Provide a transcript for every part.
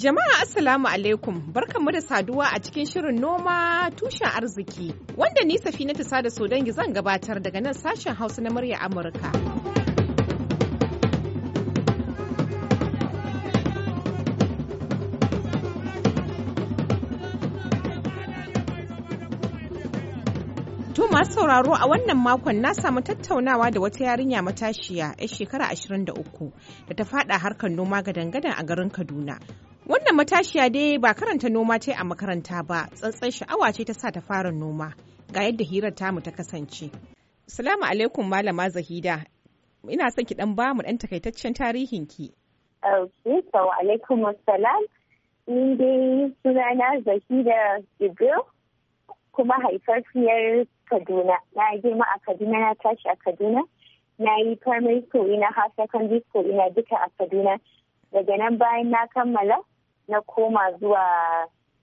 Jama'a Assalamu alaikum barkanmu da saduwa a cikin shirin noma tushen arziki wanda ni safina ta sada dangi zan gabatar daga nan sashen hausa na murya Amurka. To masu sauraro a wannan makon na samu tattaunawa da wata yarinya matashiya 'yar shekara 23 da ta fada harkar noma ga dangadan a garin Kaduna. Wannan matashiya dai ba karanta noma ce a makaranta ba, tsantsan sha'awa ce ta sa ta fara noma. Ga yadda hirar tamu ta kasance. Salamu alaikum Malama Zahida. Ina son ki dan bamu dan takaitaccen tarihin ki. Okay, alaikum assalam. dai Zahida kuma haifafiyar Kaduna. Na girma a Kaduna, na tashi a Kaduna. Na yi primary school ina har secondary school ina duka a Kaduna. Daga nan bayan na kammala na koma zuwa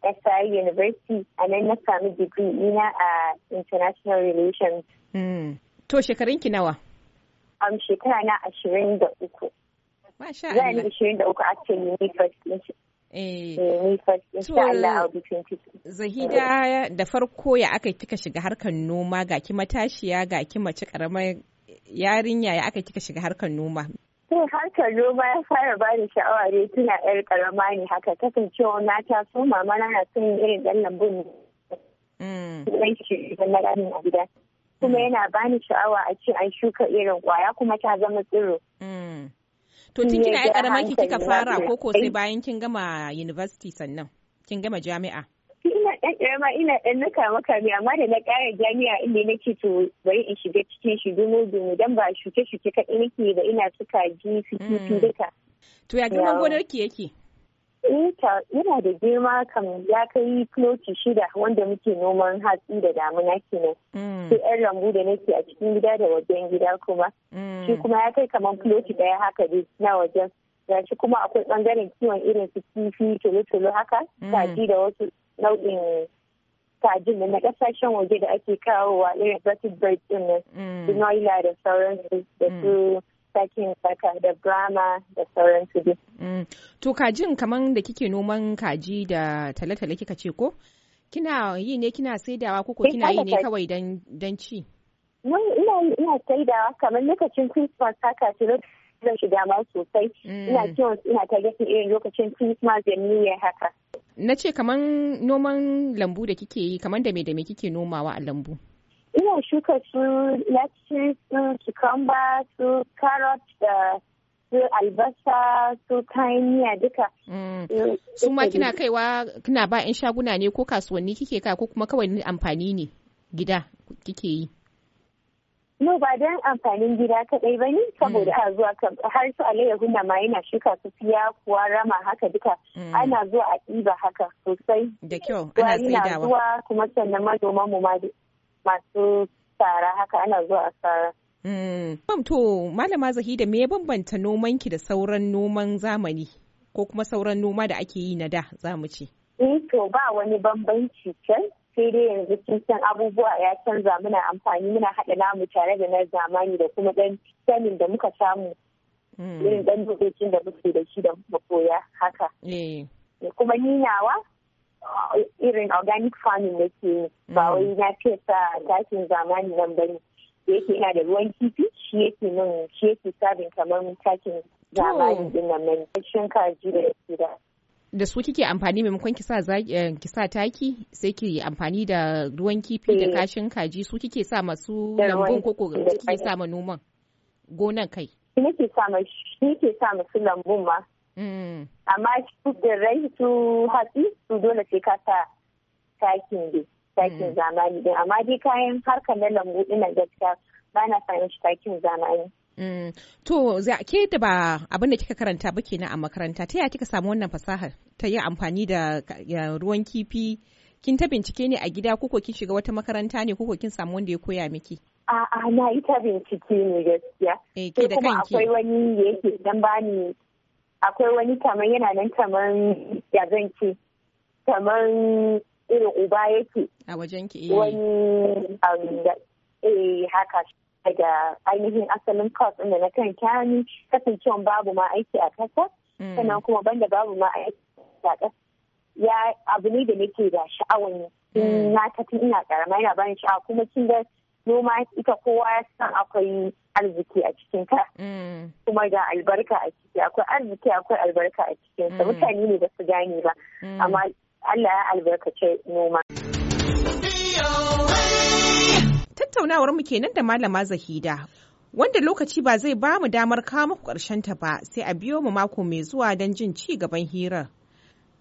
SI University a nan na sami digiri ina a International Relations. Hmm. To shekarun ki nawa? Am um, shekara na ashirin da uku. Masha Allah. ashirin da uku actually ni first eh. Eh, Zahida da farko ya aka kika shiga harkar noma ga ki matashiya ga ki mace karamar yarinya ya aka kika shiga harkar noma har harkar noma ya fara ba da sha'awa ne tuna yar karama ne haka kasancewa na taso mama na son irin dan lambun mm. ne. shi a Kuma mm. yana ba ni sha'awa a ce an shuka irin kwaya kuma ta zama tsiro. Mm. To tun kina yar karama ki kika fara ko ko sai bayan kin gama university sannan kin gama jami'a. ɗan ƙarama ina ɗan na maka kame amma da na ƙara jami'a inda na ce to bari in shiga cikin shi dumo dumo dan ba shuke shuke kaɗai nake da ina suka ji kifi hmm. duka. To ya girman gonar ki yake? Ita eh, yana da girma kam ya kai kiloti shida wanda muke noman hatsi da damuna kenan. Hmm. Sai yan lambu da nake a cikin gida da wajen gida kuma. Hmm. Shi kuma ya kai kamar kiloti ɗaya haka dai na wajen. Gashi kuma akwai ɓangaren kiwon irin su kifi, tolo-tolo haka, kaji da wasu nau'in kajin da na kasashen waje da ake kawowa irin rapid bird din nan mm. su noila da sauransu da mm. su sakin saka da brahma da sauransu dai. Mm. to kajin kaman da kike noman kaji da tale-tale kika ce ko kina yi ne kina saidawa ko eh, kina yi ne kawai don ci ina ina saidawa kamar lokacin christmas haka ce zan shiga ma sosai ina ciwon ina ta irin lokacin christmas da new year haka na ce kaman noman lambu da kike yi kamar da me da me kike nomawa a lambu ina shuka su lettuce su cucumber su carrot da su albasa su kayan duka mm. su ma kina kaiwa kina ba 'yan shaguna ne ko kasuwanni kike ka ko kuma kawai amfani ne gida kike yi mu ba don amfanin gida kaɗai ba ne saboda mm. a zuwa har su alayyahu na ma yana shuka su fiya kuwa rama haka duka mm. ana zuwa a ɗiba haka sosai da kyau ana tsaidawa zuwa kuma sannan manoma mu masu tsara haka ana zuwa a tsara Mam to malama zahida me ya bambanta noman ki da sauran noman zamani ko kuma sauran noma da ake yi na da za mu ce. Eh to ba wani bambanci can sai dai yanzu sun san abubuwa ya canza muna amfani muna haɗa namu tare da na zamani da kuma dan sanin da muka samu hmm. irin dan dokokin da muke da shi da muka koya haka eh. kuma ni nawa uh, irin organic farming da ke ba hmm. wai na fesa takin zamani nan ba bane yake yana da ruwan kifi shi yake nan shi yake sabin kamar takin zamani din nan mai da da su kike amfani maimakon ki sa eh, ki sa taki sai ki amfani da ruwan kifi da eh. kashin kaji su kike sa masu lambun koko kike sa ma noman gonan kai nake sa ma nake sa masu lambun ma mm. amma su da rai su hatsi su dole sai ka sa takin dai takin mm. zamani din amma dai kayan harkar na lambu ina gaskiya ba na fahimci takin zamani Mm. To, ke da ba abin da kika karanta ba kenan a makaranta, ta yaya kika samu wannan fasahar ta yi amfani da ruwan kifi? Kin ta bincike ne a gida koko kin shiga wata makaranta ne koko kin samu wanda ya koya miki? A'a, na yi ta bincike ne gaskiya. Eh, ke da kanki. akwai wani yake dan bani akwai wani kamar yana nan kamar ya zan ce kamar irin uba yake. A wajen ki. Eh. Wani um, eh haka. daga ainihin asalin cost inda na kan kyani kasancewan babu ma aiki a ƙasa mm. sannan kuma banda babu ma aiki a ƙasa ya abu ne da nake da sha'awan yi mm. na tafi ina karama yana bani sha'awa kuma kin ga noma ita kowa ya san akwai arziki a cikin ka mm. kuma ga albarka a ciki akwai arziki akwai albarka a cikin sa mutane ne ba su gane ba amma Allah ya albarkace noma. tattaunawar mu kenan da malama Zahida. Wanda lokaci ba zai ba mu damar kawo muku ƙarshen ta ba sai a biyo mu mako mai zuwa don jin ci gaban hirar.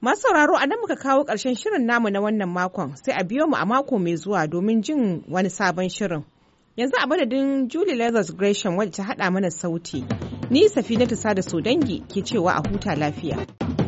Masu sauraro a nan muka kawo ƙarshen shirin namu na wannan makon sai a biyo mu a mako mai zuwa domin jin wani sabon shirin. Yanzu a madadin Julie lazars Gresham wadda ta haɗa mana sauti. Ni safi na da Sada dangi ke cewa a huta lafiya.